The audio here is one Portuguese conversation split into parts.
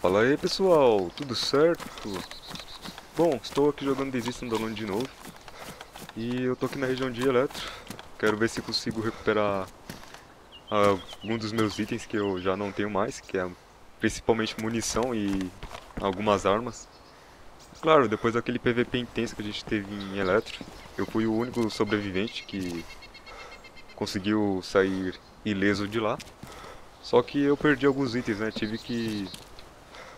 Fala aí pessoal, tudo certo? Bom, estou aqui jogando Desist Andalone de novo E eu tô aqui na região de Eletro Quero ver se consigo recuperar ah, algum dos meus itens que eu já não tenho mais, que é principalmente munição e algumas armas. Claro, depois daquele PVP intenso que a gente teve em Eletro, eu fui o único sobrevivente que conseguiu sair ileso de lá. Só que eu perdi alguns itens, né? Tive que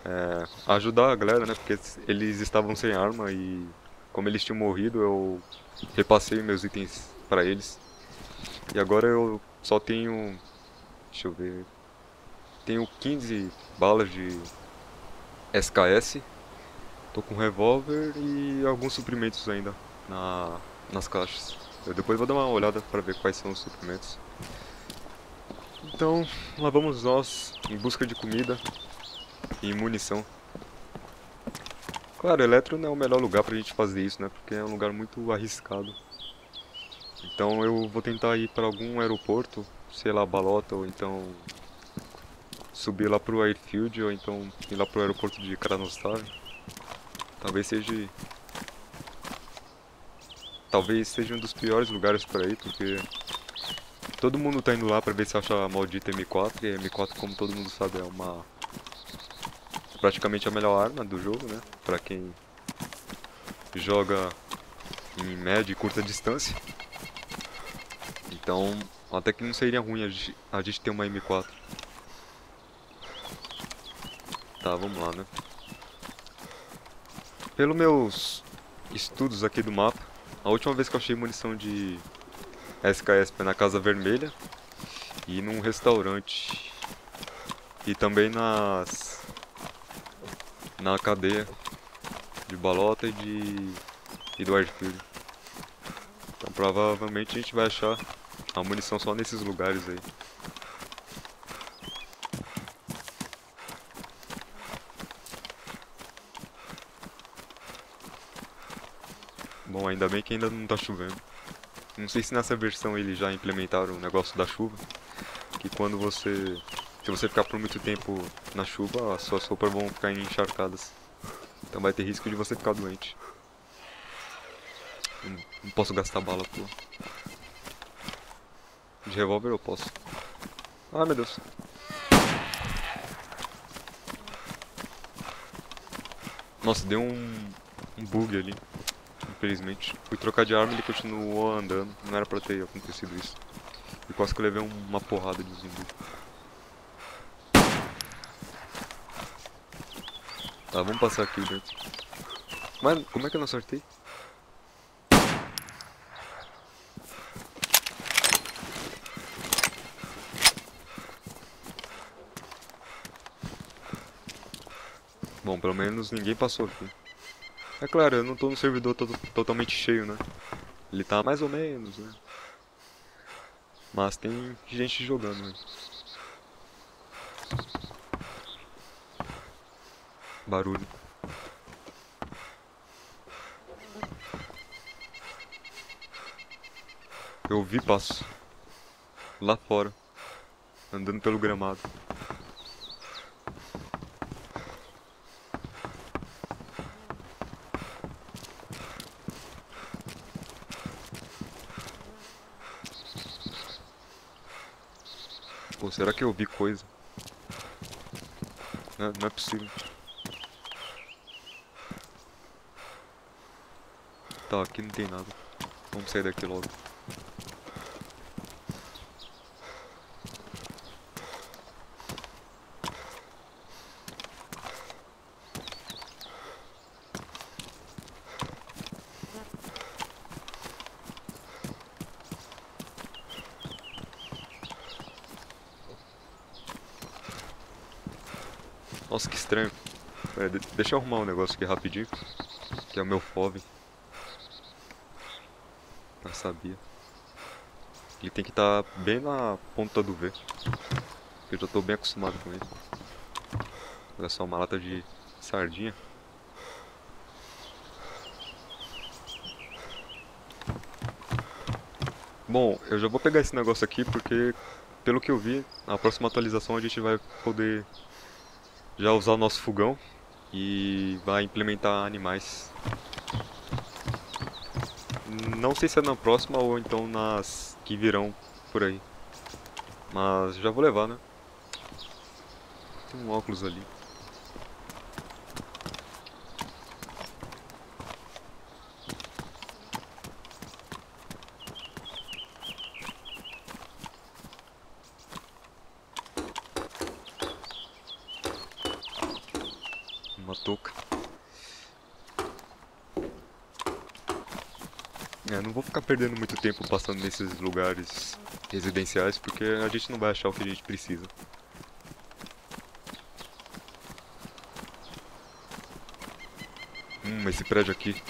é, ajudar a galera, né? Porque eles estavam sem arma e como eles tinham morrido, eu repassei meus itens para eles. E agora eu só tenho. Deixa eu ver. Tenho 15 balas de SKS. Tô com revólver e alguns suprimentos ainda na, nas caixas. Eu depois vou dar uma olhada para ver quais são os suprimentos. Então, lá vamos nós em busca de comida e munição. Claro, Eletro não é o melhor lugar pra gente fazer isso, né? Porque é um lugar muito arriscado. Então eu vou tentar ir para algum aeroporto, sei lá, Balota, ou então subir lá pro airfield, ou então ir lá pro aeroporto de Krasnostav. Talvez seja... Talvez seja um dos piores lugares para ir, porque todo mundo tá indo lá para ver se acha a maldita M4, e a M4, como todo mundo sabe, é uma... Praticamente a melhor arma do jogo, né? Para quem joga em média e curta distância. Então, até que não seria ruim a gente, a gente ter uma M4. Tá, vamos lá, né? Pelos meus estudos aqui do mapa, a última vez que eu achei munição de SKS foi na Casa Vermelha e num restaurante. E também nas... na cadeia de Balota e de... e do Airfield. Então provavelmente a gente vai achar Tá a munição só nesses lugares aí. Bom, ainda bem que ainda não tá chovendo. Não sei se nessa versão eles já implementaram o negócio da chuva, que quando você... Se você ficar por muito tempo na chuva, as suas roupas vão ficar encharcadas. Então vai ter risco de você ficar doente. Não posso gastar bala, pô. De revólver eu posso. Ah, meu Deus. Nossa, deu um, um bug ali. Infelizmente. Fui trocar de arma e ele continuou andando. Não era pra ter acontecido isso. E quase que eu levei uma porrada de zumbi. Tá, vamos passar aqui dentro. Mas como é que eu não acertei? pelo menos ninguém passou aqui. É claro, eu não tô no servidor to totalmente cheio, né? Ele tá mais ou menos, né? Mas tem gente jogando, né? Barulho. Eu ouvi passo. Lá fora. Andando pelo gramado. Pô, tipo, será que eu ouvi coisa? Não, não é possível. Tá, aqui não tem nada. Vamos sair daqui logo. Nossa, que estranho. É, deixa eu arrumar um negócio aqui rapidinho. Que é o meu fove. Não sabia. Ele tem que estar tá bem na ponta do V. Eu já estou bem acostumado com ele. Olha só, uma lata de sardinha. Bom, eu já vou pegar esse negócio aqui porque, pelo que eu vi, na próxima atualização a gente vai poder já usar o nosso fogão e vai implementar animais. Não sei se é na próxima ou então nas que virão por aí. Mas já vou levar, né? Tem um óculos ali. É, não vou ficar perdendo muito tempo passando nesses lugares residenciais, porque a gente não vai achar o que a gente precisa. Hum, esse prédio aqui.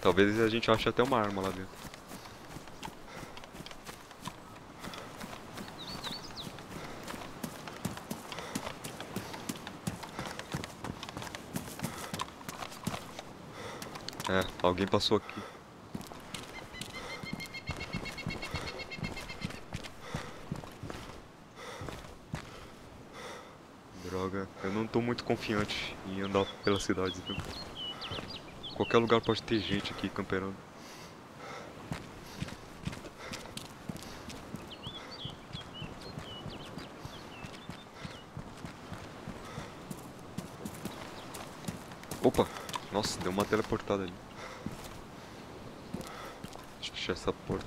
Talvez a gente ache até uma arma lá dentro. É, alguém passou aqui. Droga, eu não tô muito confiante em andar pela cidade, viu? Qualquer lugar pode ter gente aqui camperando. Opa! Nossa, deu uma teleportada ali. Deixa eu fechar essa porta.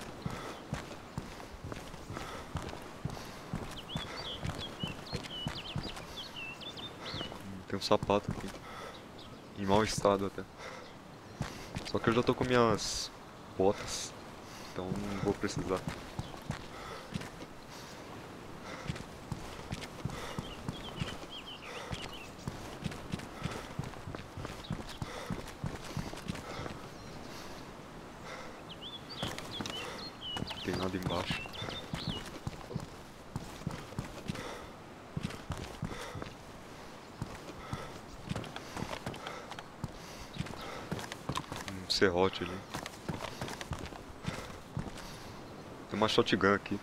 Tem um sapato aqui. Em mau estado até. Só que eu já tô com minhas botas. Então não vou precisar. serrote ali. Tem uma shotgun aqui.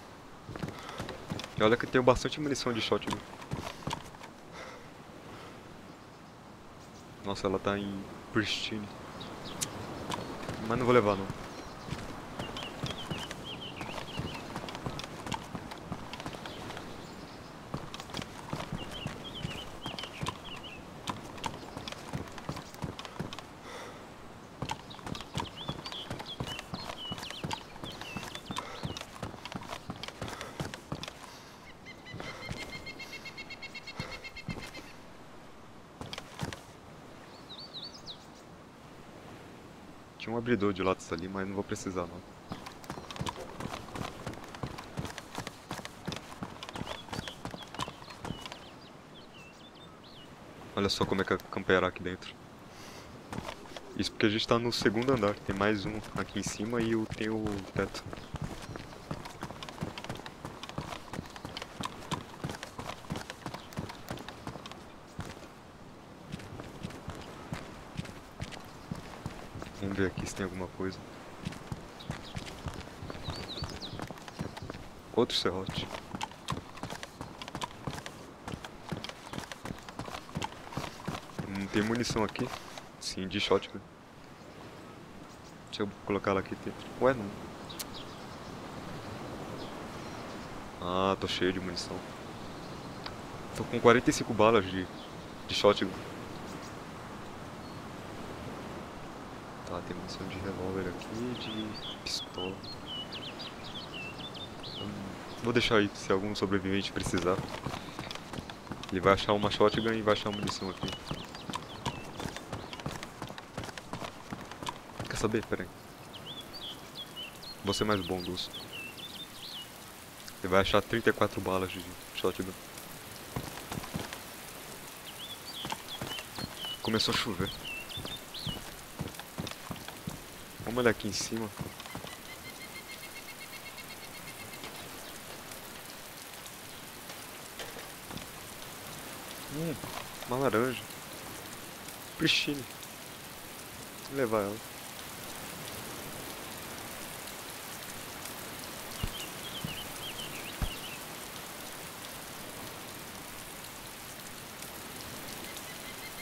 E olha que tem tenho bastante munição de shotgun. Nossa, ela tá em pristine. Mas não vou levar não. Tinha um abridor de latas ali, mas não vou precisar não. Olha só como é que é campear aqui dentro. Isso porque a gente tá no segundo andar, tem mais um aqui em cima e tem o teto. ver aqui se tem alguma coisa. Outro serrote. Não hum, tem munição aqui? Sim, de shotgun. Deixa eu colocar ela aqui Ué, não. Ah, tô cheio de munição. Tô com 45 balas de, de shotgun. tem munição de revólver aqui e de pistola. Hum, vou deixar aí se algum sobrevivente precisar. Ele vai achar uma shotgun e vai achar munição aqui. Quer saber? Pera aí. Vou ser é mais bom, Gus. Ele vai achar 34 balas de shotgun. Começou a chover. Vamos olhar aqui em cima. Hum, uma laranja. Pristine. Vou levar ela.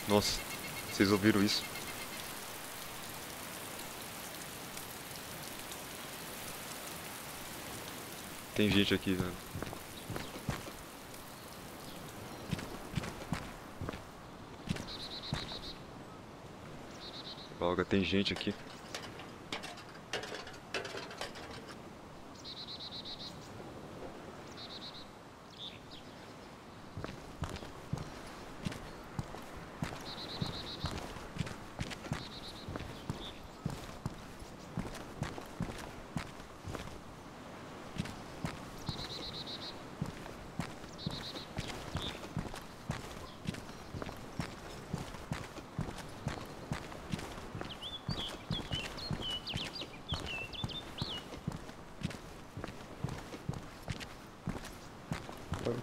Nossa, vocês ouviram isso? Tem gente aqui, velho. Né? Valga, tem gente aqui.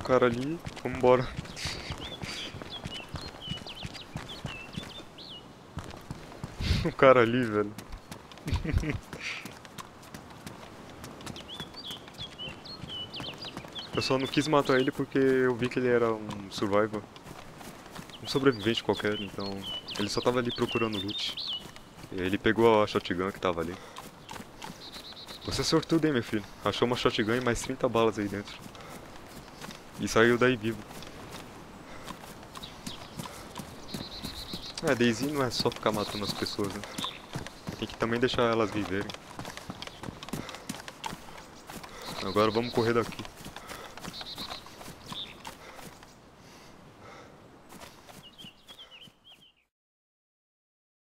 cara ali. Vamos embora. o cara ali, velho. eu só não quis matar ele porque eu vi que ele era um survivor. Um sobrevivente qualquer, então... Ele só tava ali procurando loot. E aí ele pegou a shotgun que tava ali. Você é sortudo, hein, meu filho. Achou uma shotgun e mais 30 balas aí dentro. E saiu daí vivo. É, Daisy não é só ficar matando as pessoas, né? Tem que também deixar elas viverem. Agora vamos correr daqui.